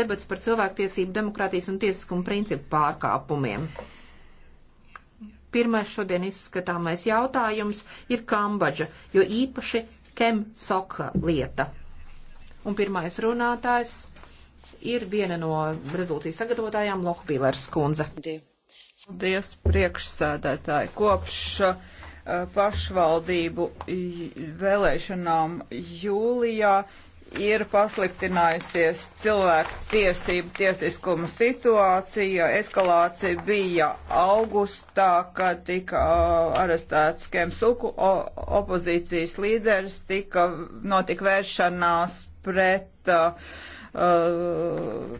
debats par cilvēktiesību, demokrātijas un tiesiskumu principu pārkāpumiem. Pirmais šodien izskatāmais jautājums ir Kambadža, jo īpaši Kem Soka lieta. Un pirmais runātājs ir viena no rezultātu sagatavotājām Lohbīlers kundze. Paldies, priekšsēdētāji. Kopš uh, pašvaldību vēlēšanām jūlijā ir pasliktinājusies cilvēku tiesību tiesiskuma situācija. Eskalācija bija augustā, kad tika uh, arestēts Kemsuku opozīcijas līderis, tika notika vēršanās pret uh, uh,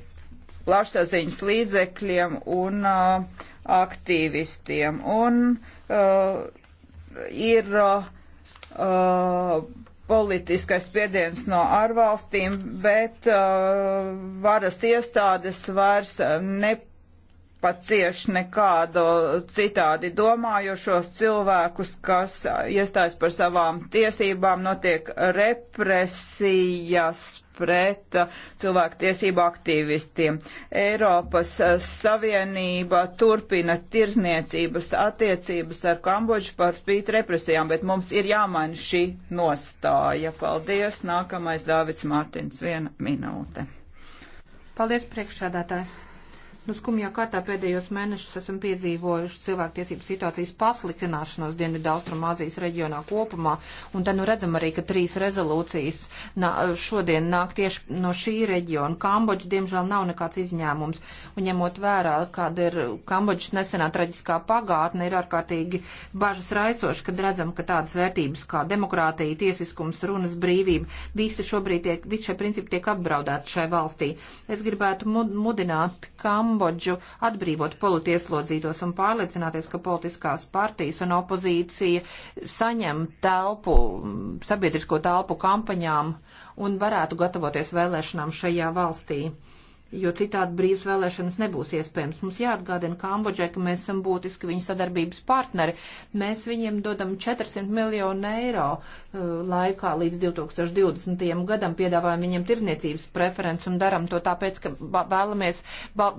plašsaziņas līdzekļiem un uh, aktīvistiem. Un uh, ir uh, politiskais spiediens no ārvalstīm, bet uh, varas iestādes vairs ne, pat cieši nekādu citādi domājošos cilvēkus, kas iestājas par savām tiesībām, notiek represijas pret cilvēku tiesību aktīvistiem. Eiropas Savienība turpina tirzniecības attiecības ar Kambodžu par spīti represijām, bet mums ir jāmaina šī nostāja. Paldies. Nākamais Dāvids Mārtiņš, viena minūte. Paldies, priekšsādātāji nu, skumjā kārtā pēdējos mēnešus esam piedzīvojuši cilvēktiesību situācijas pasliktināšanos Dienvidaustrumāzijas reģionā kopumā, un te nu redzam arī, ka trīs rezolūcijas nā, šodien nāk tieši no šī reģiona. Kambodža, diemžēl, nav nekāds izņēmums, un ņemot vērā, kāda ir Kambodžas nesenā traģiskā pagātne, ir ārkārtīgi bažas raisoši, kad redzam, ka tādas vērtības kā demokrātija, tiesiskums, runas brīvība, visi šobrīd tiek, visi šie principi tiek apdraudēti šai valstī. Es gribētu mudināt, kam Kambodžu, atbrīvot politieslodzītos un pārliecināties, ka politiskās partijas un opozīcija saņem telpu, sabiedrisko telpu kampaņām un varētu gatavoties vēlēšanām šajā valstī jo citādi brīvas vēlēšanas nebūs iespējams. Mums jāatgādina Kambodžai, ka mēs esam būtiski viņa sadarbības partneri. Mēs viņiem dodam 400 miljonu eiro uh, laikā līdz 2020. gadam, piedāvājam viņiem tirniecības preferences un daram to tāpēc, ka vēlamies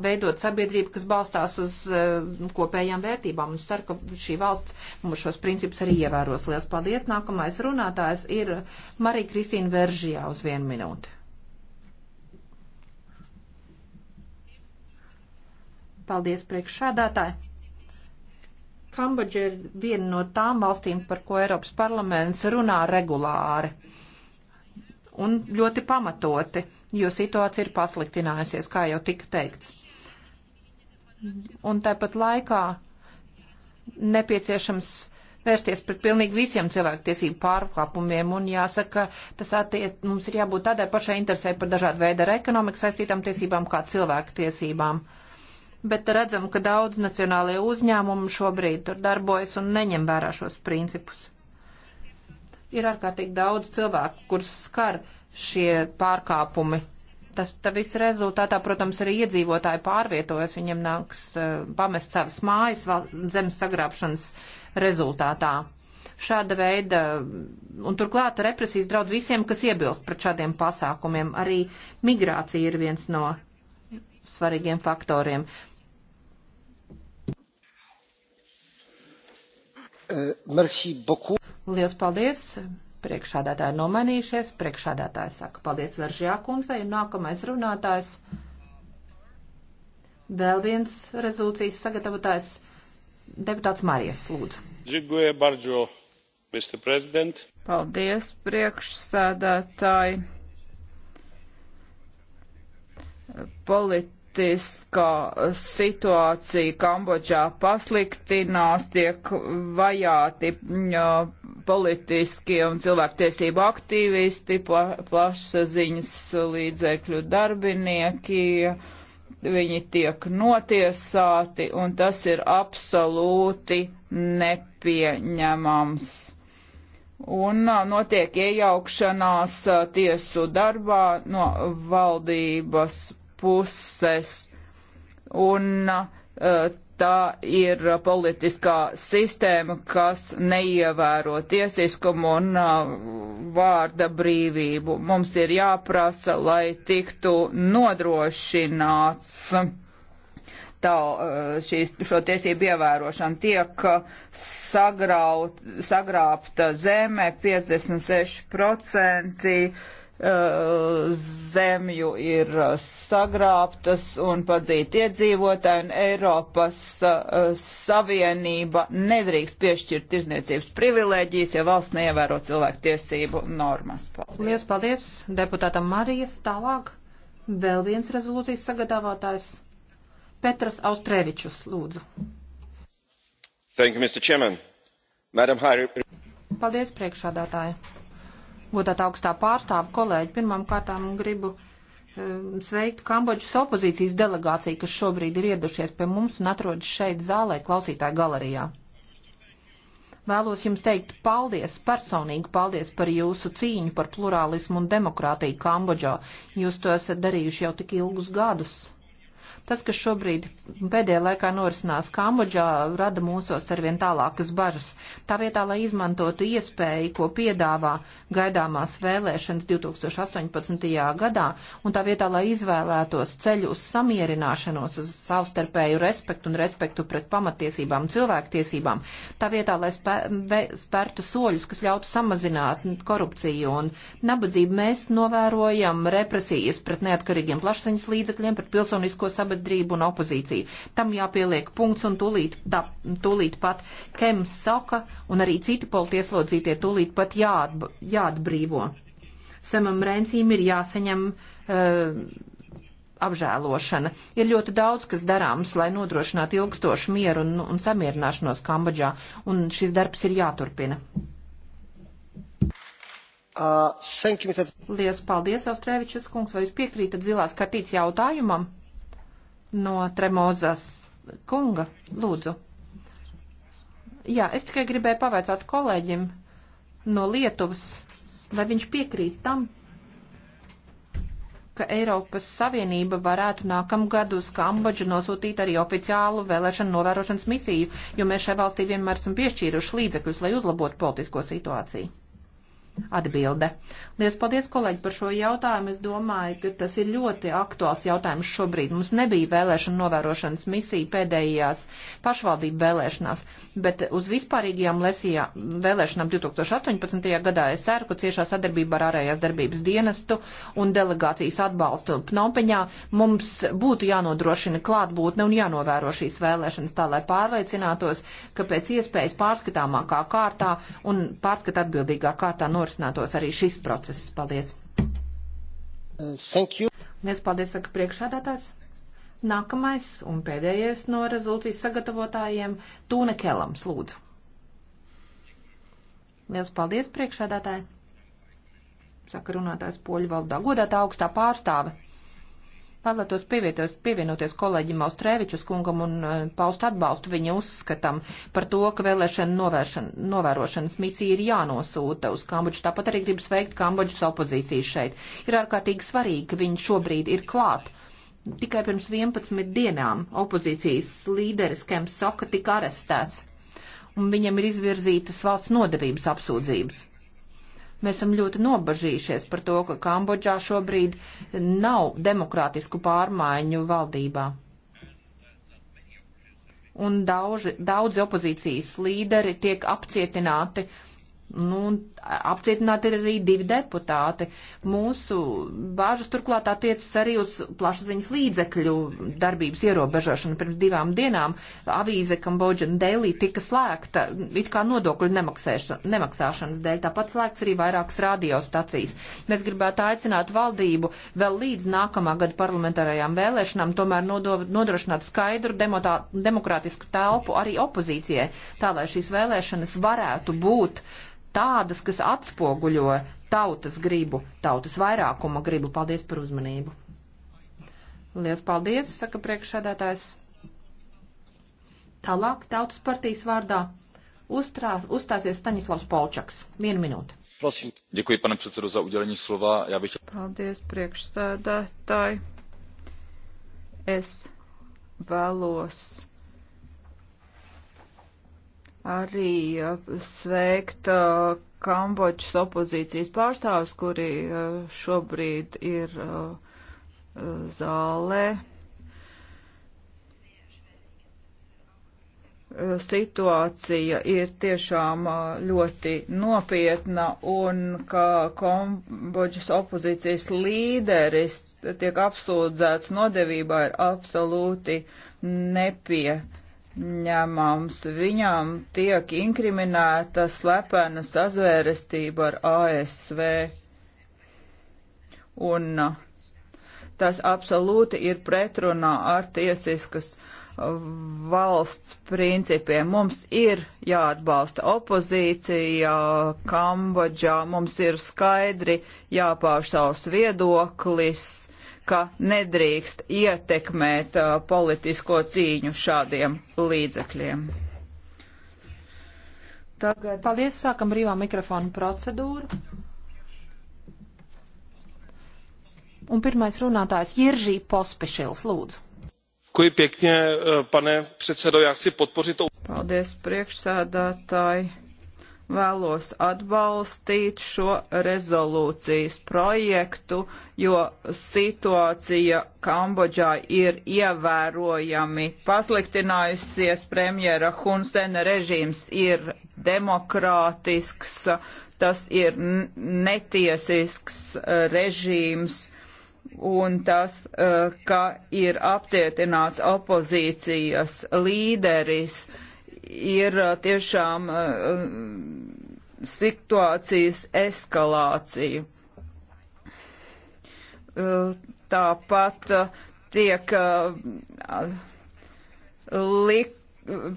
veidot sabiedrību, kas balstās uz uh, kopējām vērtībām. Un ceru, ka šī valsts mums šos principus arī ievēros. Lielas paldies! Nākamais runātājs ir Marija Kristīna Veržijā uz vienu minūti. Paldies priekšsādātāji. Kambodža ir viena no tām valstīm, par ko Eiropas parlaments runā regulāri un ļoti pamatoti, jo situācija ir pasliktinājusies, kā jau tika teikts. Un tāpat laikā nepieciešams vērsties pret pilnīgi visiem cilvēktiesību pārkāpumiem, un jāsaka, tas attiec, mums ir jābūt tādai pašai interesē par dažādu veidu ar ekonomiku saistītām tiesībām kā cilvēktiesībām. tiesībām bet redzam, ka daudz nacionālajie uzņēmumi šobrīd tur darbojas un neņem vērā šos principus. Ir ārkārtīgi daudz cilvēku, kurus skar šie pārkāpumi. Tas viss rezultātā, protams, arī iedzīvotāji pārvietojas, viņiem nāks uh, pamest savas mājas zemes sagrābšanas rezultātā. Šāda veida, un turklāt represijas draud visiem, kas iebilst pret šādiem pasākumiem. Arī migrācija ir viens no svarīgiem faktoriem. Merci beaucoup. Lielas paldies. Priekšādātāji nomainījušies. Priekšādātāji saka paldies Veržjā kundzei. Un nākamais runātājs. Vēl viens rezolūcijas sagatavotājs. Deputāts Marijas, lūdzu. Dzirdēju, Barģo, Mr. President. Paldies, priekšsēdētāji. Polit politiskā situācija Kambodžā pasliktinās, tiek vajāti mm, politiskie un cilvēktiesību aktīvisti, pla, plašsaziņas līdzekļu darbinieki, viņi tiek notiesāti, un tas ir absolūti nepieņemams un notiek iejaukšanās tiesu darbā no valdības puses. Un eh, tā ir politiskā sistēma, kas neievēro tiesiskumu un eh, vārda brīvību. Mums ir jāprasa, lai tiktu nodrošināts tā, eh, šīs, šo tiesību ievērošana tiek sagraut, sagrābta zeme 56%. Eh, zemju ir eh, sagrābtas un padzīt iedzīvotāji, un Eiropas eh, Savienība nedrīkst piešķirt tirzniecības privilēģijas, ja valsts neievēro cilvēku tiesību normas. Paldies. Lies paldies deputātam Marijas. Tālāk vēl viens rezolūcijas sagadāvātājs Petras Austrēvičus, lūdzu. Thank you, Mr. Chairman. Madam High... Paldies, priekšādātāji godāt augstā pārstāva kolēģi. Pirmām kārtām gribu um, sveikt Kambodžas opozīcijas delegāciju, kas šobrīd ir iedušies pie mums un atrodas šeit zālē klausītāju galerijā. Vēlos jums teikt paldies, personīgi paldies par jūsu cīņu par plurālismu un demokrātiju Kambodžā. Jūs to esat darījuši jau tik ilgus gadus. Tas, kas šobrīd pēdējā laikā norisinās Kambodžā, rada mūsos arvien tālākas bažas. Tā vietā, lai izmantotu iespēju, ko piedāvā gaidāmās vēlēšanas 2018. gadā, un tā vietā, lai izvēlētos ceļu uz samierināšanos, uz savstarpēju respektu un respektu pret pamatiesībām un cilvēktiesībām, tā vietā, lai spē, ve, spērtu soļus, kas ļautu samazināt korupciju un nabadzību, mēs novērojam represijas pret neatkarīgiem plašsaņas līdzekļiem, pret pilsonisko sabiedrību sabiedrību un opozīciju. Tam jāpieliek punkts un tūlīt, tā, tūlīt pat Kems Soka un arī citi politieslodzītie tūlīt pat jāatb jāatbrīvo. Samam Rēncīm ir jāsaņem. Uh, apžēlošana. Ir ļoti daudz, kas darāms, lai nodrošinātu ilgstošu mieru un, un samierināšanos Kambodžā, un šis darbs ir jāturpina. Uh, you, Lielas paldies, Austrēvičs kungs, vai jūs piekrītat zilās kartītes jautājumam? no Tremozas kunga. Lūdzu. Jā, es tikai gribēju pavaicāt kolēģim no Lietuvas, vai viņš piekrīt tam, ka Eiropas Savienība varētu nākamgad uz Kambodžu nosūtīt arī oficiālu vēlēšanu novērošanas misiju, jo mēs šai valstī vienmēr esam piešķīruši līdzekļus, lai uzlabotu politisko situāciju. Atbilde. Lielas paldies, kolēģi, par šo jautājumu. Es domāju, ka tas ir ļoti aktuāls jautājums šobrīd. Mums nebija vēlēšana novērošanas misija pēdējās pašvaldību vēlēšanās, bet uz vispārīgajām lesijā vēlēšanām 2018. gadā es ceru, ka ciešā sadarbība ar ārējās darbības dienestu un delegācijas atbalstu Pnompeņā mums būtu jānodrošina klātbūtne un jānovēro šīs vēlēšanas tā, lai pārliecinātos, ka pēc iespējas pārskatāmākā kārtā un pārskat atbildīgā kārtā norisinās norisinātos arī šis process. Paldies! Thank you. Mēs paldies, saka priekšādātājs. Nākamais un pēdējais no rezolūcijas sagatavotājiem - Tūne Kelams, lūdzu. Liels paldies, priekšādātāji! Saka runātājs poļu valodā. Godātā augstā pārstāve! Vēlētos pievienoties kolēģim Austrēvičus kungam un e, paust atbalstu viņa uzskatam par to, ka vēlēšana novērošanas misija ir jānosūta uz Kambodžu. Tāpat arī gribu sveikt Kambodžas opozīciju šeit. Ir ārkārtīgi svarīgi, ka viņi šobrīd ir klāt. Tikai pirms 11 dienām opozīcijas līderis Kems Soka tika arestēts, un viņam ir izvirzītas valsts nodevības apsūdzības. Mēs esam ļoti nobažījušies par to, ka Kambodžā šobrīd nav demokrātisku pārmaiņu valdībā. Un daudzi, daudzi opozīcijas līderi tiek apcietināti Nu, apcietināti ir arī divi deputāti. Mūsu bāžas turklāt attiecas arī uz plašsaziņas līdzekļu darbības ierobežošanu. Pirms divām dienām avīze Cambodian Daily tika slēgta it kā nodokļu nemaksāšanas dēļ. Tāpat slēgts arī vairākas radiostacijas. Mēs gribētu aicināt valdību vēl līdz nākamā gada parlamentārajām vēlēšanām tomēr nodrošināt skaidru demotā, demokrātisku telpu arī opozīcijai, tā lai šīs vēlēšanas varētu būt tādas, kas atspoguļo tautas gribu, tautas vairākuma gribu. Paldies par uzmanību. Lielas paldies, saka priekšsēdētājs. Tālāk tautas partijas vārdā uztrā, uzstāsies Staņislavs Polčaks. Vienu minūti. Prosim. Děkuji, pane předsedo, za udělení slova. Já bych... Paldies, priekšsēdētāji. Es vēlos arī uh, sveikt uh, Kambodžas opozīcijas pārstāvus, kuri uh, šobrīd ir zālē. Situācija ir tiešām ļoti nopietna un ka Kambodžas opozīcijas līderis tiek apsūdzēts nodevībā ir absolūti nepie ņemams. Viņam tiek inkriminēta slepena sazvērestība ar ASV. Un uh, tas absolūti ir pretrunā ar tiesiskas uh, valsts principiem. Mums ir jāatbalsta opozīcija Kambodžā, mums ir skaidri jāpauž savs viedoklis ka nedrīkst ietekmēt uh, politisko cīņu šādiem līdzekļiem. Tagad... Paldies, sākam brīvā mikrofona procedūru. Un pirmais runātājs Jiržī Pospešils, lūdzu. Děkuji pěkně, eh, pane předsedo. Já chci podpořit to. Paldies, priekšsēdātāji vēlos atbalstīt šo rezolūcijas projektu, jo situācija Kambodžā ir ievērojami pasliktinājusies. Premjera Hunsena režīms ir demokrātisks, tas ir netiesisks režīms. Un tas, eh, ka ir apcietināts opozīcijas līderis, uh, ir tiešām situācijas eskalācija. Tāpat tiek lik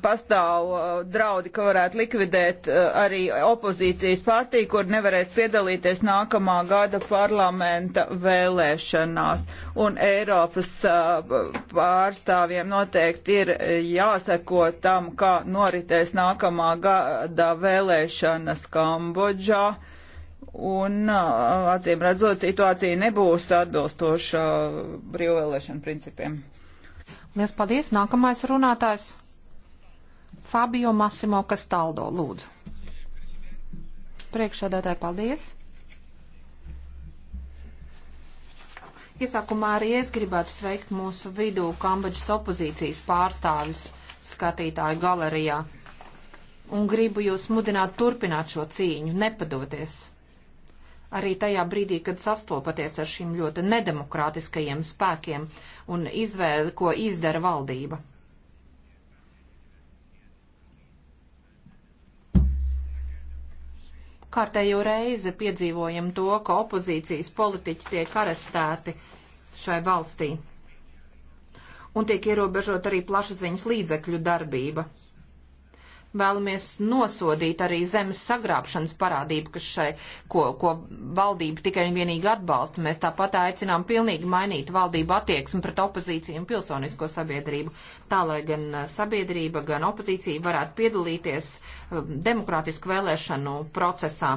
pastāv uh, draudi, ka varētu likvidēt uh, arī opozīcijas partiju, kur nevarēs piedalīties nākamā gada parlamenta vēlēšanās. Un Eiropas uh, pārstāvjiem noteikti ir jāseko tam, kā noritēs nākamā gada vēlēšanas Kambodžā. Un acīm redzot, situācija nebūs atbilstoša brīvvēlēšanu principiem. Liels paldies! Nākamais runātājs Fabio Massimo Castaldo, lūdzu. Priekšādātāji, paldies! Iesākumā arī es gribētu sveikt mūsu vidū Kambodžas opozīcijas pārstāvis skatītāju galerijā. Un gribu jūs mudināt turpināt šo cīņu, nepadoties. Arī tajā brīdī, kad sastopaties ar šīm ļoti nedemokrātiskajiem spēkiem un izvēli, ko izdara valdība. kārtējo reizi piedzīvojam to, ka opozīcijas politiķi tiek arestēti šai valstī. Un tiek ierobežot arī plašsaziņas līdzekļu darbība. Vēlamies nosodīt arī zemes sagrābšanas parādību, kas šai, ko, ko valdība tikai un vienīgi atbalsta. Mēs tāpat aicinām pilnīgi mainīt valdību attieksmi pret opozīciju un pilsonisko sabiedrību, tā lai gan uh, sabiedrība, gan opozīcija varētu piedalīties um, demokrātisku vēlēšanu procesā.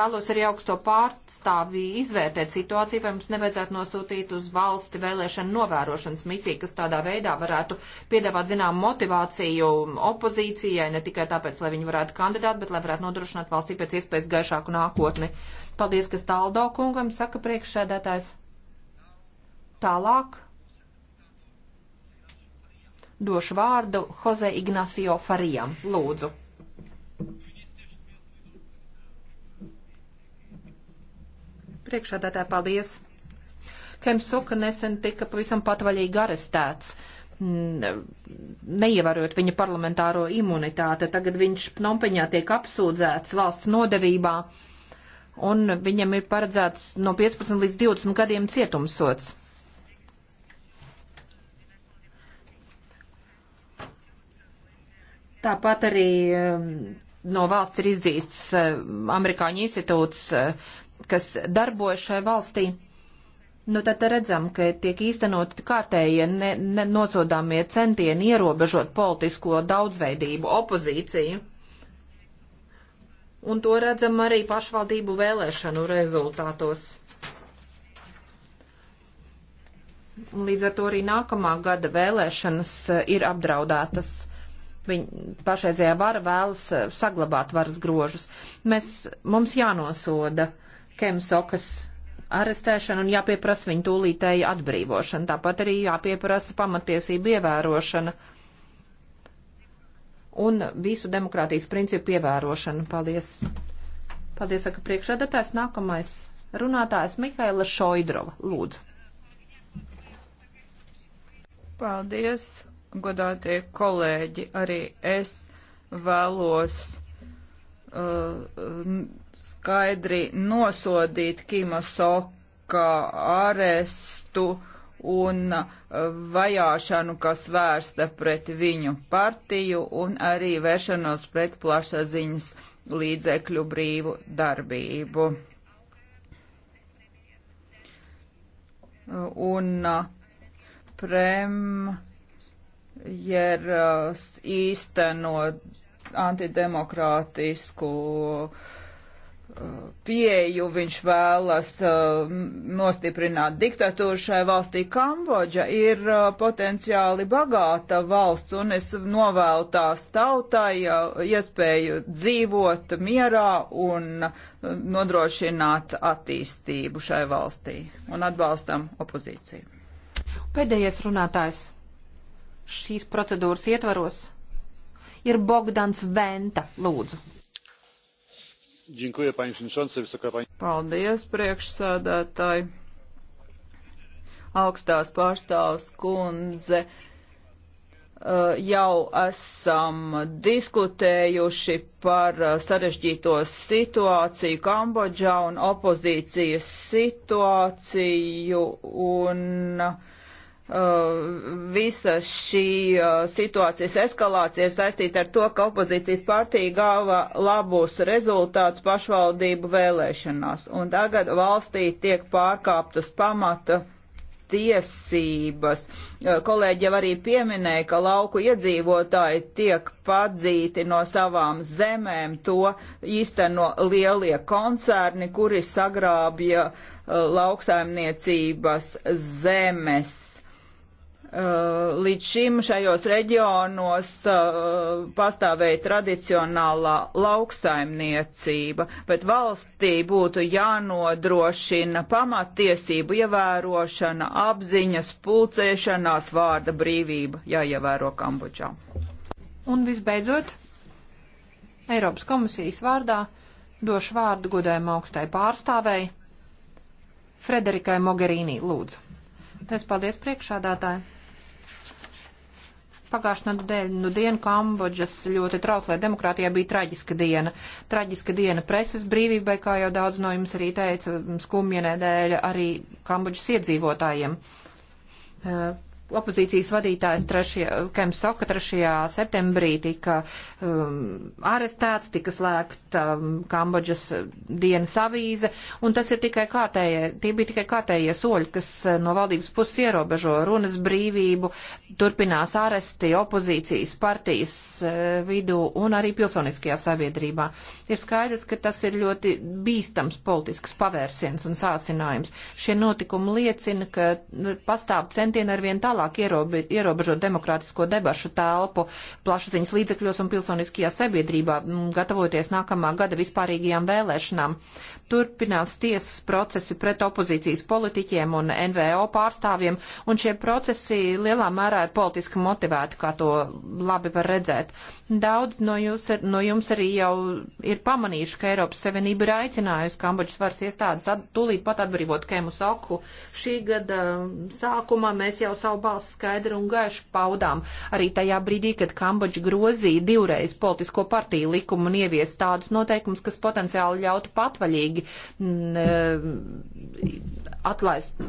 Vēlos arī augsto pārstāvi izvērtēt situāciju, vai mums nevajadzētu nosūtīt uz valsti vēlēšanu novērošanas misiju, kas tādā veidā varētu piedāvāt, zinām, motivāciju opozīcijai, ne tikai tikai tāpēc, lai viņi varētu kandidāt, bet lai varētu nodrošināt valstī pēc iespējas gaišāku nākotni. Paldies, kas taldo kungam, saka priekšsēdētājs. Tālāk došu vārdu Jose Ignacio Farijam. Lūdzu. Priekšādātāji, paldies! Kemsuka nesen tika pavisam patvaļīgi arestēts Mm, neievērot viņa parlamentāro imunitāti. Tagad viņš Pnompeņā tiek apsūdzēts valsts nodevībā, un viņam ir paredzēts no 15 līdz 20 gadiem cietumsots. Tāpat arī mm, no valsts ir izdzīsts mm, Amerikāņu institūts, kas darbojas šai valstī. Nu, tad redzam, ka tiek īstenot kārtējie ne, ne, nosodāmie centieni ierobežot politisko daudzveidību, opozīciju. Un to redzam arī pašvaldību vēlēšanu rezultātos. Līdz ar to arī nākamā gada vēlēšanas e, ir apdraudētas. Viņa pašreizējā vara vēlas e, saglabāt varas grožus. Mēs, mums jānosoda Kemsokas arestēšanu un jāpieprasa viņu tūlītēja atbrīvošana. Tāpat arī jāpieprasa pamatiesību ievērošana un visu demokrātijas principu ievērošana. Paldies! Paldies, saka priekšredatājs. Nākamais runātājs Mihaila Šoidrova. Lūdzu. Paldies, godātie kolēģi. Arī es vēlos uh, skaidri nosodīt Kima Soka arestu un vajāšanu, kas vērsta pret viņu partiju un arī vēršanos pret plašsaziņas līdzekļu brīvu darbību. Un uh, premjeras īsteno antidemokrātisku uh, pieju, viņš vēlas uh, nostiprināt diktatūru šai valstī. Kambodža ir uh, potenciāli bagāta valsts, un es novēlu tās tautai uh, iespēju dzīvot mierā un uh, nodrošināt attīstību šai valstī, un atbalstam opozīciju. Pēdējais runātājs šīs procedūras ietvaros ir Bogdans Venta, lūdzu. Paldies, priekšsēdētāji. Augstās pārstāvs kundze, eh, jau esam diskutējuši par eh, sarežģīto situāciju Kambodžā un opozīcijas situāciju un uh, Uh, visa šī uh, situācijas eskalācija ir saistīta ar to, ka opozīcijas partija gāva labus rezultātus pašvaldību vēlēšanās, un tagad valstī tiek pārkāptas pamata tiesības. Uh, kolēģi jau arī pieminēja, ka lauku iedzīvotāji tiek padzīti no savām zemēm, to īsteno lielie koncerni, kuri sagrābja lauksaimniecības zemes Eh, līdz šim šajos reģionos eh, pastāvēja tradicionālā lauksaimniecība, bet valstī būtu jānodrošina pamatiesību ievērošana, apziņas, pulcēšanās, vārda brīvība jāievēro Kambodžā. Un visbeidzot, Eiropas komisijas vārdā došu vārdu godējuma augstai pārstāvēji Frederikai Mogherīnī lūdzu. Tas paldies priekšādātāji. Pagājušā nedēļa, nu, nu diena Kambodžas ļoti trauslē demokrātijā bija traģiska diena. Traģiska diena preses brīvībai, kā jau daudz no jums arī teica, skumja nedēļa arī Kambodžas iedzīvotājiem. Eh, opozīcijas vadītājs 3. Kemsoka 3. septembrī tika um, arestēts, tika slēgta um, Kambodžas uh, dienas avīze, un tas ir tikai kārtējie, tie bija tikai kārtējie soļi, kas uh, no valdības puses ierobežo runas brīvību, turpinās aresti opozīcijas partijas uh, vidū un arī pilsoniskajā sabiedrībā. Ir skaidrs, ka tas ir ļoti bīstams politisks pavērsiens un sāsinājums. Šie notikumi liecina, ka pastāv centieni arvien tālāk tālāk ierobe, ierobežot demokrātisko debašu telpu plašsaziņas līdzekļos un pilsoniskajā sabiedrībā, gatavoties nākamā gada vispārīgajām vēlēšanām turpinās tiesas procesi pret opozīcijas politiķiem un NVO pārstāvjiem, un šie procesi lielā mērā ir politiski motivēti, kā to labi var redzēt. Daudz no, jūs, no jums arī jau ir pamanījuši, ka Eiropas Savienība ir aicinājusi Kambodžas varas iestādes at, tūlīt pat atbrīvot Kēmu Soku. Šī gada um, sākumā mēs jau savu balsu skaidru un gaišu paudām, arī tajā brīdī, kad Kambodža grozīja divreiz politisko partiju likumu un ievies tādus noteikumus, kas potenciāli ļautu patvaļīgi pilnīgi mm, eh, atlaist,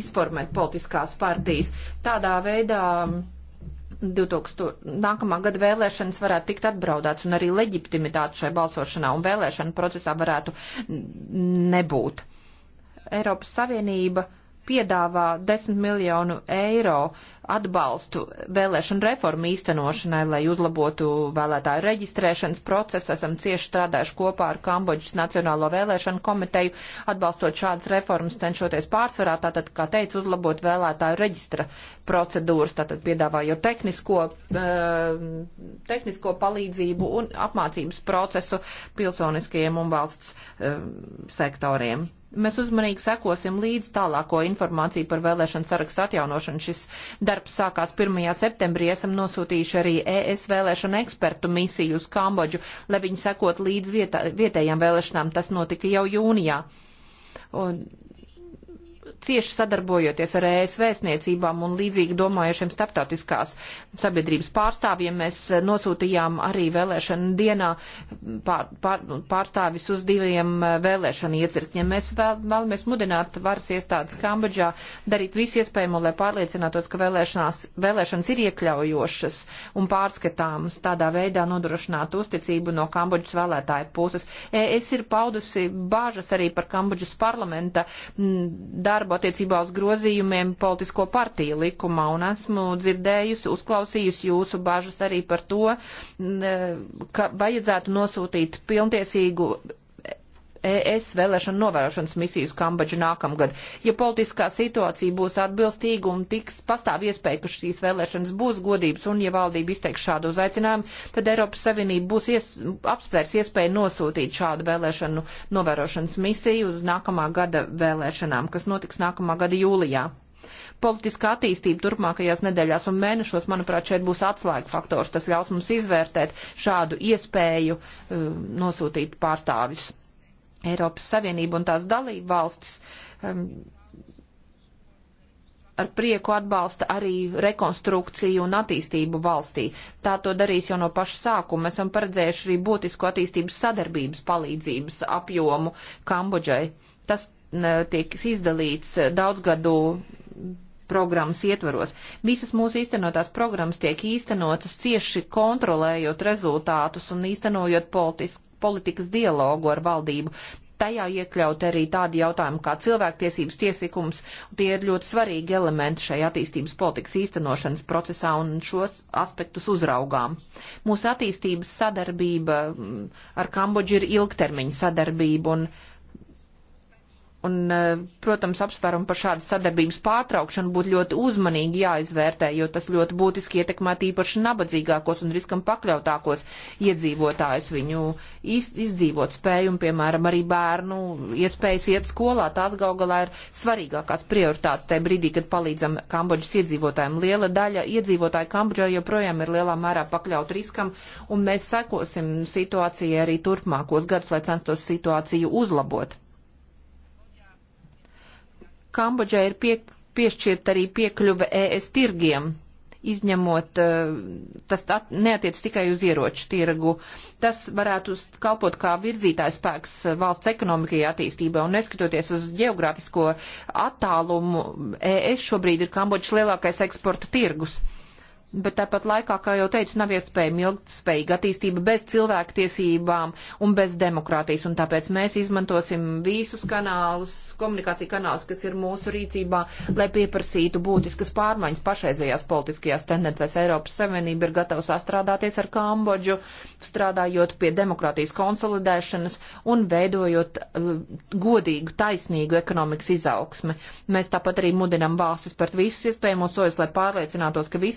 izformēt politiskās partijas. Tādā veidā 2000, nākamā gada vēlēšanas varētu tikt atbraudāts un arī leģitimitāte šai balsošanā un vēlēšana procesā varētu nebūt. Eiropas Savienība uh, piedāvā 10 miljonu eiro atbalstu vēlēšanu reformu īstenošanai, lai uzlabotu vēlētāju reģistrēšanas procesu. Esam cieši strādājuši kopā ar Kambodžas Nacionālo vēlēšanu komiteju, atbalstot šādas reformas, cenšoties pārsvarā, tātad, kā teicu, uzlabot vēlētāju reģistra procedūras, tātad piedāvājot tehnisko, eh, tehnisko palīdzību un apmācības procesu pilsoniskajiem un valsts eh, sektoriem mēs uzmanīgi sekosim līdz tālāko informāciju par vēlēšanu sarakstu atjaunošanu. Šis darbs sākās 1. septembrī. Esam nosūtījuši arī ES vēlēšanu ekspertu misiju uz Kambodžu, lai viņi sekot līdz vietā, vietējām vēlēšanām. Tas notika jau jūnijā. Un cieši sadarbojoties ar ES vēstniecībām un līdzīgi domājušiem starptautiskās sabiedrības pārstāvjiem, mēs nosūtījām arī vēlēšana dienā pār, pār, pārstāvis uz diviem eh, vēlēšana iecirkņiem. Mēs vēl, vēlamies mudināt varas iestādes Kambodžā darīt visu iespējamo, lai pārliecinātos, ka vēlēšanās, vēlēšanas ir iekļaujošas un pārskatāmas, tādā veidā nodrošināt uzticību no Kambodžas vēlētāju puses. ES ir paudusi bāžas arī par Kambodžas parlamenta darbu darbu attiecībā uz grozījumiem politisko partiju likumā, un esmu dzirdējusi, uzklausījusi jūsu bažas arī par to, ka vajadzētu nosūtīt pilntiesīgu ES vēlēšanu novērošanas misijas Kambadžu nākamgad. Ja politiskā situācija būs atbilstīga un tiks pastāv iespēja, ka šīs vēlēšanas būs godības un ja valdība izteiks šādu uzaicinājumu, tad Eiropas Savienība būs ies, apsvērs iespēju nosūtīt šādu vēlēšanu novērošanas misiju uz nākamā gada vēlēšanām, kas notiks nākamā gada jūlijā politiskā attīstība turpmākajās nedēļās un mēnešos, manuprāt, šeit būs atslēga faktors. Tas ļaus mums izvērtēt šādu iespēju uh, nosūtīt pārstāvjus. Eiropas Savienība un tās dalība valstis um, ar prieku atbalsta arī rekonstrukciju un attīstību valstī. Tā to darīs jau no paša sākuma. Esam paredzējuši arī būtisku attīstības sadarbības palīdzības apjomu Kambodžai. Tas ne, tiek izdalīts eh, daudzgadu programmas ietvaros. Visas mūsu īstenotās programmas tiek īstenotas cieši kontrolējot rezultātus un īstenojot politisk, politikas dialogu ar valdību. Tajā iekļaut arī tādi jautājumi kā cilvēktiesības tiesīkums. Tie ir ļoti svarīgi elementi šai attīstības politikas īstenošanas procesā un šos aspektus uzraugām. Mūsu attīstības sadarbība mm, ar Kambodžu ir ilgtermiņa sadarbība un Un, e, protams, apsvērumu par šādas sadarbības pārtraukšanu būtu ļoti uzmanīgi jāizvērtē, jo tas ļoti būtiski ietekmētu īpaši nabadzīgākos un riskam pakļautākos iedzīvotājus, viņu iz, izdzīvot spēju un, piemēram, arī bērnu iespējas iet skolā. Tās gal galā ir svarīgākās prioritātes tajā brīdī, kad palīdzam Kambodžas iedzīvotājiem. Liela daļa iedzīvotāju Kambodžā joprojām ir lielā mērā pakļaut riskam, un mēs sekosim situācijai arī turpmākos gadus, lai censtos situāciju uzlabot. Kambodžai ir pie, piešķirta arī piekļuve ES tirgiem, izņemot, eh, tas neatiec tikai uz ieroču tirgu. Tas varētu kalpot kā virzītājs spēks eh, valsts ekonomikajai attīstībai, un neskatoties uz geogrāfisko attālumu, ES šobrīd ir Kambodžas lielākais eksporta tirgus bet tāpat laikā, kā jau teicu, nav iespējama ilgspējīga attīstība bez cilvēktiesībām un bez demokrātijas, un tāpēc mēs izmantosim visus kanālus, komunikāciju kanālus, kas ir mūsu rīcībā, lai pieprasītu būtiskas pārmaiņas pašreizējās politiskajās tendencēs. Eiropas Savienība ir gatava sastrādāties ar Kambodžu, strādājot pie demokrātijas konsolidēšanas un veidojot uh, godīgu, taisnīgu ekonomikas izaugsmi. Mēs tāpat arī mudinam valstis par visus iespējamos sojas, lai pārliecinātos, ka visi